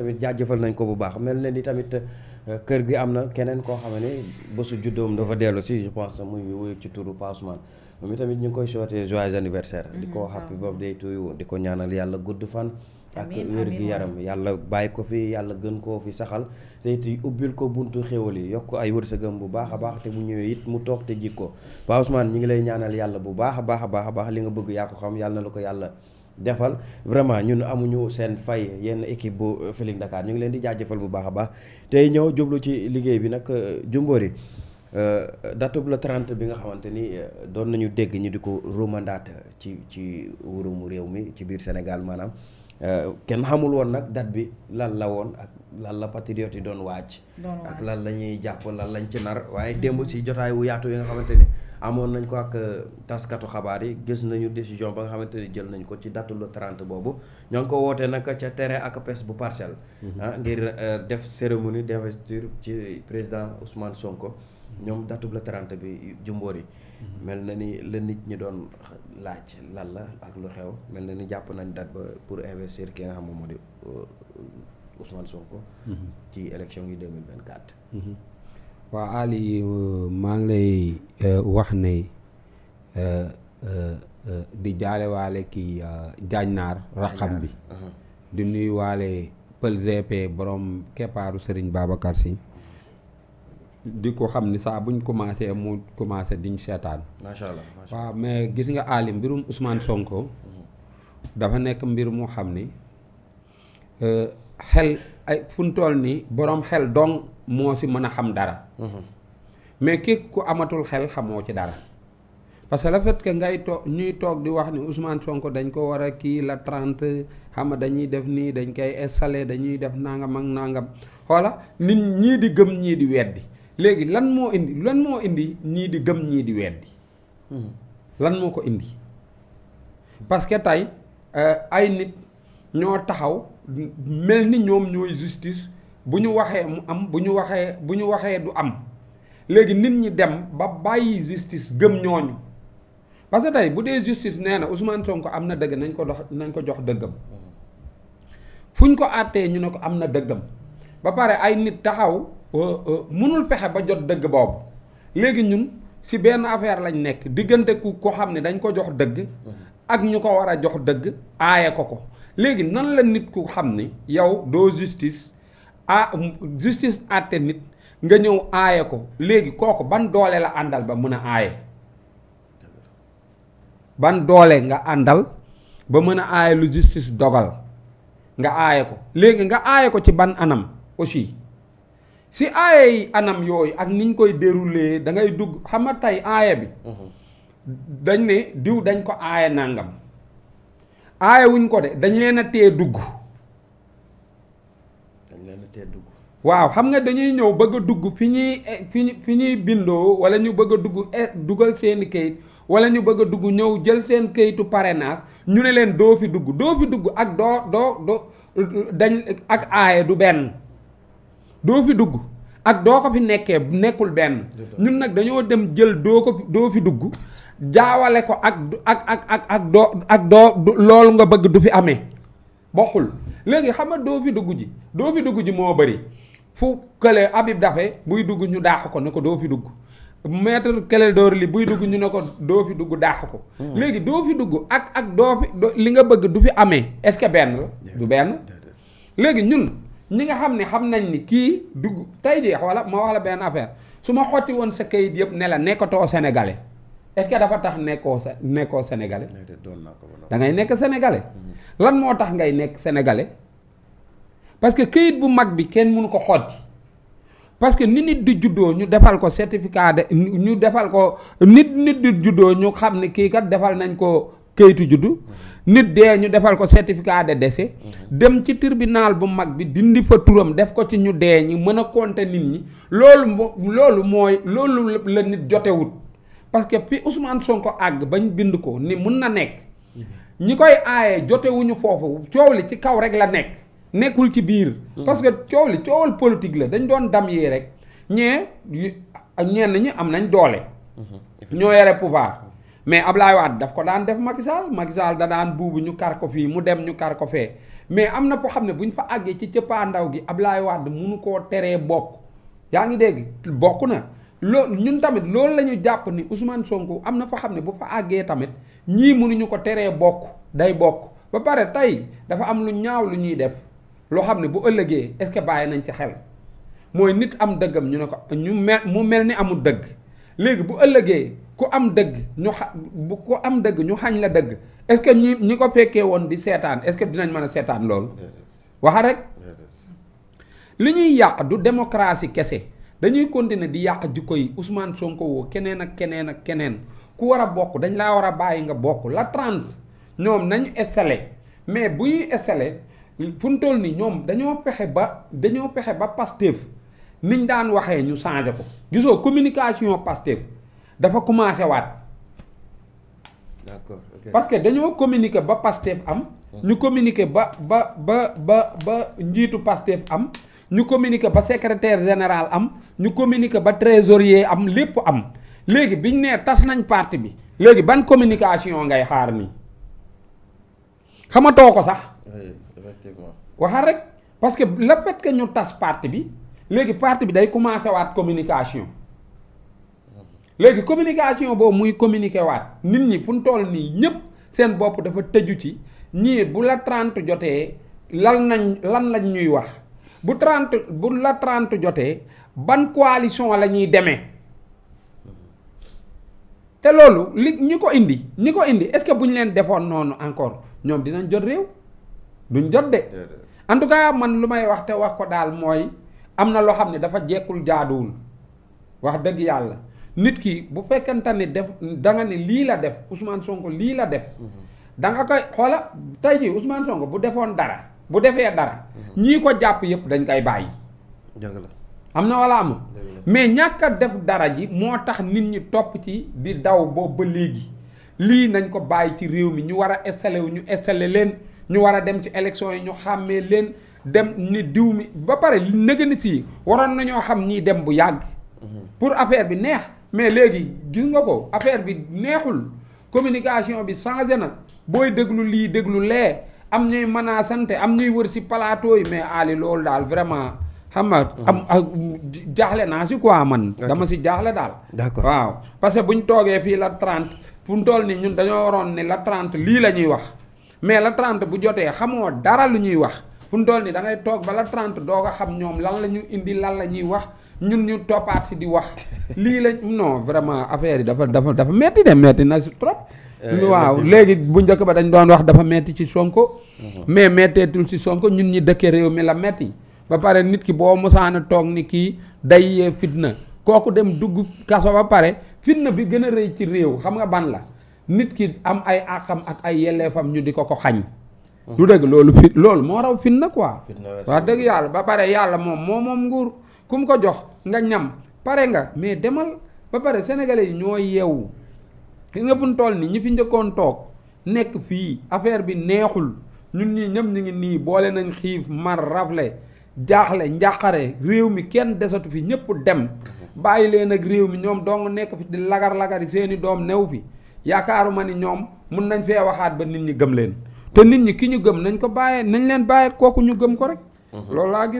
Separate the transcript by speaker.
Speaker 1: tamit jaajëfal nañ ko bu baax mel na ni tamit euh, kër gi am na keneen koo xam ne bésu juddoom dafa dellu si je pense muy wuyu ci turu Pa Ousmane moom tamit ñu koy souhaiter joyeux anniversaire di ko mm-hmm. happy birthday to you di ko ñaanal yàlla gudd fan ak wér gi yaram yàlla bàyyi ko fi yàlla gën koo fi saxal te it ubbil ko buntu xéwal yi yokk ay wërsëgam bu baax a baax te mu ñëwee it mu toog te jikko Pa Ousmane ñu ngi lay ñaanal yàlla bu baax a baax a baax a baax li nga bëgg yaa xam yàlla la ko yàlla defal vraiment ñun amuñu seen fay yenn équipe bu Feeling ndakaar ñu ngi leen di jaajëfal bu baax a baax tey ñëw jublu ci liggéey bi nag euh, Jumbori euh, datub la 30 bi nga xamante ni euh, doon nañu dégg ñu di ko romandaat ci ci wóorumu réew mi ci biir Sénégal maanaam Euh, kenn xamul woon nag date bi lan la woon ak lan la patriote yi doon waaj ak lan la ñuy jàpp lan lañ ci nar waaye démb si jotaay wu yaatu yi nga xamante ni amoon nañ ko ak euh, taskatu xabaar yi gis nañu décision ba nga xamante ni jël nañ ko ci date le 30 boobu ñoo ngi ko wootee nag ca tere ak pes bu parcelle mhm. ah ngir euh, def cérémonie d'investiture ci président Ousmane Sonko ñoom datub la 30 bi jumboor yi mel na ni la nit ñi doon laaj lan la ak lu xew mel na ni jàpp nañ date ba pour investir ki nga moom moo di euh, Ousmane Sonko mhm. ci élection yi 2024
Speaker 2: mhm. waaw yi euh, maa ngi lay euh, wax ne di jaalewaale kii jaañnaar raxam bi uh-huh. di nuyuwaale pël gp borom keppaaru Serigne Babacar si di ko xam ni saa buñ commencé mu commencé diñ seetaan. macha allah waaw mais gis nga Ali mbirum usmaan Sonko. Mm-hmm. dafa nekk mbir mu xam ni xel ay fu mu toll nii borom xel dong moo si mën a xam dara. Mm-hmm. mais képp ku amatul xel xamoo ci dara. parce que le fait que ngay toog ñuy toog di wax ni Ousmane Sonko dañ ko war a kii la trente xam dañuy def nii dañ koy installé dañuy def nangam ak nangam xoola nit ñii di gëm ñii di weddi. léegi lan moo indi lan moo indi ñii di gëm ñii di weddi hmm. lan moo ko indi parce que tey euh, ay nit ñoo taxaw mel ni ñoom ñooy justice bu ñu waxee mu am bu ñu waxee bu ñu waxee du am léegi nit ñi dem ba bàyyi justice gëm ñooñu parce que tey bu dee justice nee na Ousmane Sonko am na dëgg nañ ko dox nañ ko jox dëggam hmm. fu ñu ko àttee ñu ne ko am na dëggam ba pare ay nit taxaw Euh, euh, mënul fexe ba jot dëgg boobu léegi ñun si benn affaire lañ nekk diggante ku ko xam ne dañ ko jox dëgg ak ñu ko war a jox dëgg aaye ko ko léegi nan la nit ku xam ni yow doo justice a justice àtte nit nga ñëw aaye ko léegi kooku ban doole la àndal ba mën a aaye ban doole nga àndal ba mën a aaye lu justice dogal nga aaye ko léegi nga aaye ko ci ban anam aussi si aaya yi anam yooyu ak niñ koy déroulé dangay dugg xam nga tey aaya bi. Mhm. dañ ne diw dañ ko aaya nangam. aaya wuñ dañ leen a téye dugg. dañ xam nga dañuy ñëw bëgg dugg eh, fi ñuy fi ñuy bindoo wala ñu bëgg a dugg eh, dugal seeni kayit wala ñu bëgg a dugg ñëw jël seen kayitu parrainage ñu ne leen doo fi dugg doo fi dugg ak doo doo doo dañ ak aaye du benn. doo fi dugg ak doo ko fi nekkee nekkul benn ñun nag dañoo dem jël doo ko doo fi dugg jaawale ko ak ak ak ak ak doo loolu nga bëgg du fi amee bokkul léegi xam nga doo fi dugg ji doo fi dugg ji moo bëri fu kële Habib Daffé buy dugg dàq ko ne ko doo fi dugg maître kële door li buy dugg ñu ne ko doo fi dugg dàq ko hmm. léegi doo fi dugg ak ak doo fi li nga bëgg du fi amee est-ce que benn la du benn léegi ñun ñi nga xam ne xam nañ ni kii dugg tey jii xoola ma wax la benn affaire su ma xotti woon sa kayit yëpp ne la nekkatoo sénégalais est-ce que dafa tax nekkoo nekkoo sénégalais. da ngay nekk sénégalais. Mm-hmm. lan moo tax ngay nekk sénégalais parce que kayit bu mag bi kenn mënu ko xotti parce que ni nit di juddoo ñu defal ko certificat de ñu defal ko nit nit du juddoo ñu xam ne kii kat defal nañ ko. kayitu juddu nit dee ñu defal ko certificat de décès dem ci tribunal bu mag bi dindi fa turam def ko ci ñu dee ñi mën a compter nit ñi loolu mo loolu mooy loolu la nit jotewut parce que fi Ousmane Sonko àgg ñu bind ko ni mun na nekk ñi koy aaye jotewuñu foofu coow li ci kaw rek la nekk nekkul ci biir parce que coow li coowal politique la dañ doon dam yi rek ñee ñenn ñi am nañ doole ñoo yore pouvoir mais Ablaye waat daf ko daan def Macky Sall Macky Sall da daan buubu ñu kar ko fii mu dem ñu kar ko fee mais am na foo xam ne bu ñu fa àggee ci cëppaandaw gi Ablaye Wade munu ko teree bokk yaa ngi dégg bokk na loolu ñun tamit loolu lañu ñu jàpp ni Ousmane Sonko am na foo xam ne bu fa àggee tamit ñii munuñu ko teree bokk day bokk ba pare tey dafa am lu ñaaw lu ñuy def loo xam ne bu ëllëgee est-ce que bàyyi nañ ci xel mooy nit am dëggam ñu ne ko ñu mel mu mel ni amul dëgg léegi bu ëllëgee ku am dëgg ñu xa bu ku am dëgg ñu xañ la dëgg est-ce que ñi ñi ko fekkee woon di seetaan est-ce que dinañ mën a seetaan loolu waxa rek li ñuy yàq du démocratie kese dañuy continuer di yàq jikko yi Ousmane Sonko keneen ak keneen ak keneen ku war a bokk dañ laa war a bàyyi nga bokk la trente ñoom nañu installé mais bu ñuy installé fu mu toll ñoom dañoo fexe ba dañoo fexe ba Pastef niñ daan waxee ñu changé ko gisoo communication Pastef dafa commencé waat.
Speaker 1: d'accord que
Speaker 2: dañoo communique ba Pastef am. ñu communiquer ba ba ba ba ba njiitu Pastef am. ñu communiquer ba secrétaire général am ñu communique ba trésorier am lépp am léegi biñ nee tas nañ parti bi léegi ban communication ngay xaar nii xamatoo ko sax. effectivement waxal rek parce que le fait que ñu tas parti bi léegi parti bi day commencer waat communication. léegi communication boobu muy communiqué waat nit ñi fu mu nii ñëpp seen bopp dafa tëju ci ñiir bu la 30 jotee lan nañ lan lañ ñuy wax bu 30 bu la 30 jotee ban coalition la ñuy demee te loolu li ñi ko indi ñi ko indi est-ce que bu ñu leen defoon noonu encore ñoom dinañ jot réew duñ jot de. en tout cas man lu may wax te wax ko daal mooy am na loo xam ne dafa jekkul jaaduwul wax dëgg yàlla. nit ki bu fekkente ni def da nga ne lii la def Ousmane Sonko lii la def. Mhm. da nga koy xoola tey jii Ousmane Sonko bu defoon dara bu defee dara. Mhm. ñii ko jàpp yëpp dañ koy bàyyi. dëgg la am na wala amul. mais ñàkk def dara ji moo tax nit ñi topp ci di daw boobu ba léegi lii nañ ko bàyyi ci réew mi ñu war a installé wu ñu installé leen ñu war a dem ci élection yi ñu xàmmee leen dem ni diw mi ba pare nëgëni si waroon nañoo xam ñii dem bu yàgg. Mhm. pour affaire bi neex. mais léegi gis nga ko affaire bi neexul communication bi changé na booy déglu lii déglu lee am ñuy mën a sant am ñuy wër si plateau yi mais Ali loolu daal vraiment. xam nga ah. am ah, jaaxle naa si quoi man. dama si jaaxle daal. d'accord waaw parce que buñ toogee fii la 30 fu mu nii ñun dañoo waroon ni la 30 lii la ñuy wax mais la 30 bu jotee xamoo dara lu ñuy wax fu mu toll nii toog ba la 30 doog a xam ñoom lan la ñu indi lan la ñuy wax. ñun ñu toppaat si di wax lii lañ no vraiment affaire yi dafa dafa dafa metti de metti na si trop eh, waaw léegi bu njëkk ba dañ doon wax dafa metti ci Sonko uh-huh. mais metteetul si Sonko ñun ñi dëkke réew mi la metti ba pare nit ki boo mosaana toog ni kii day yee fitna kooku dem dugg kaso ba pare fitna bi gën a rëy ci réew xam nga ban la nit ki am ay àqam ak ay yelleefam ñu di ko ko xañ lu uh-huh. dëgg loolu fit loolu moo raw fitna quoi wax dëgg yàlla ba pare yàlla moom moo moom nguur ku mu ko jox nga ñam pare nga mais demal ba pare sénégalais yi ñoo yeewu xi nga buñ toll ni ñi fi njëkkoon toog nekk fii affaire bi neexul ñun ñii ñëpp ñu ngi nii boole nañ xiif mar rafle jaaxle njàqare réew mi kenn desatu fi ñëpp dem bàyyi leen ak réew mi ñoom dong nekk fi di lagar-lagari seeni doom new fi yaakaaruma ni ñoom mun nañ fee waxaat ba nit ñi gëm leen te nit ñi ki ñu gëm nañ ko bàyyee nañ leen bàyyee kooku ñu gëm ko rek mhm.